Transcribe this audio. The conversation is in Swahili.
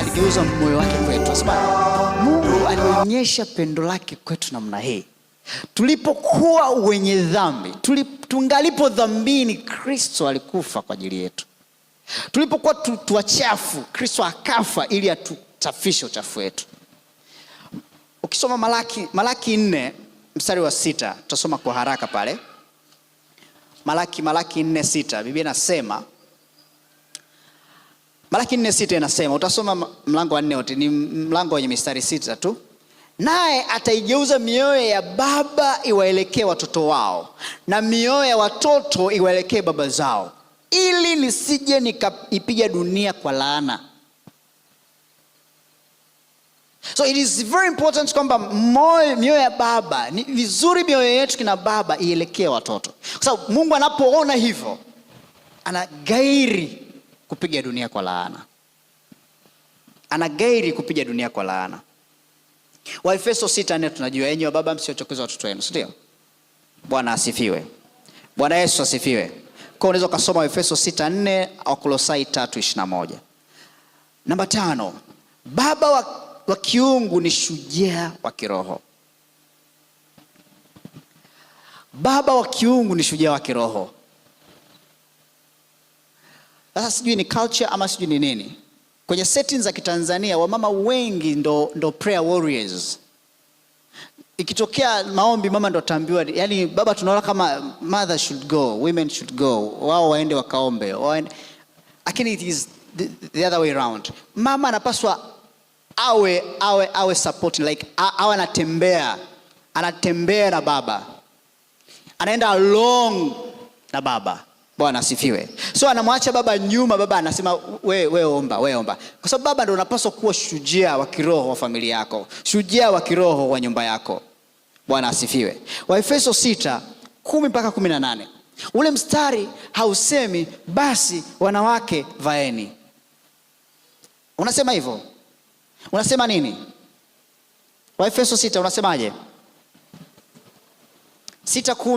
aligeuza moyo wake kwetu, sababu Mungu alionyesha pendo lake kwetu namna hii tulipokuwa wenye dhambi tungalipo dhambini Kristo alikufa kwa ajili yetu. Tulipokuwa tu, tuwachafu Kristo akafa ili atutafishe uchafu wetu. Ukisoma Malaki, Malaki nne mstari wa sita tutasoma kwa haraka pale Malaki, Malaki nne sita Biblia inasema Malaki nne sita inasema, utasoma mlango wa nne wote, ni mlango wenye mistari sita tu. Naye ataigeuza mioyo ya baba iwaelekee watoto wao na mioyo ya watoto iwaelekee baba zao, ili nisije nikaipiga dunia kwa laana. So it is very important kwamba mioyo ya baba, ni vizuri mioyo yetu kina baba ielekee watoto, kwa sababu Mungu anapoona hivyo anagairi kupiga dunia kwa laana, gairi kupiga dunia kwa laana. Waefeso sita nne tunajua, enyi wa baba msiochokeza watoto wenu, sindio Bwana asifiwe. Bwana Yesu asifiwe. Kwa unaweza ukasoma Waefeso sita nne Wakolosai tatu moja. Namba tano, baba wa, wa kiungu ni shujaa wa kiroho. Baba wa kiungu ni shujaa wa kiroho. Sasa sijui ni culture ama sijui ni nini. Kwenye settings za Kitanzania wamama wengi ndo, ndo prayer warriors. Ikitokea maombi mama ndo ataambiwa, yani baba, tunaona kama mother should go, women should go, wao waende wakaombe, waende. Lakini it is the, the other way around. Mama anapaswa awe awe awe supporting like awe anatembea anatembea na baba, anaenda along na baba Bwana asifiwe. So anamwacha baba nyuma, baba anasema we, we omba, we omba, kwa sababu baba ndo unapaswa kuwa shujaa wa kiroho wa familia yako, shujaa wa kiroho wa nyumba yako. Bwana asifiwe. Waefeso sita kumi mpaka kumi na nane ule mstari hausemi basi wanawake vaeni, unasema hivyo? Unasema nini? Waefeso 6 unasemaje? sita kumi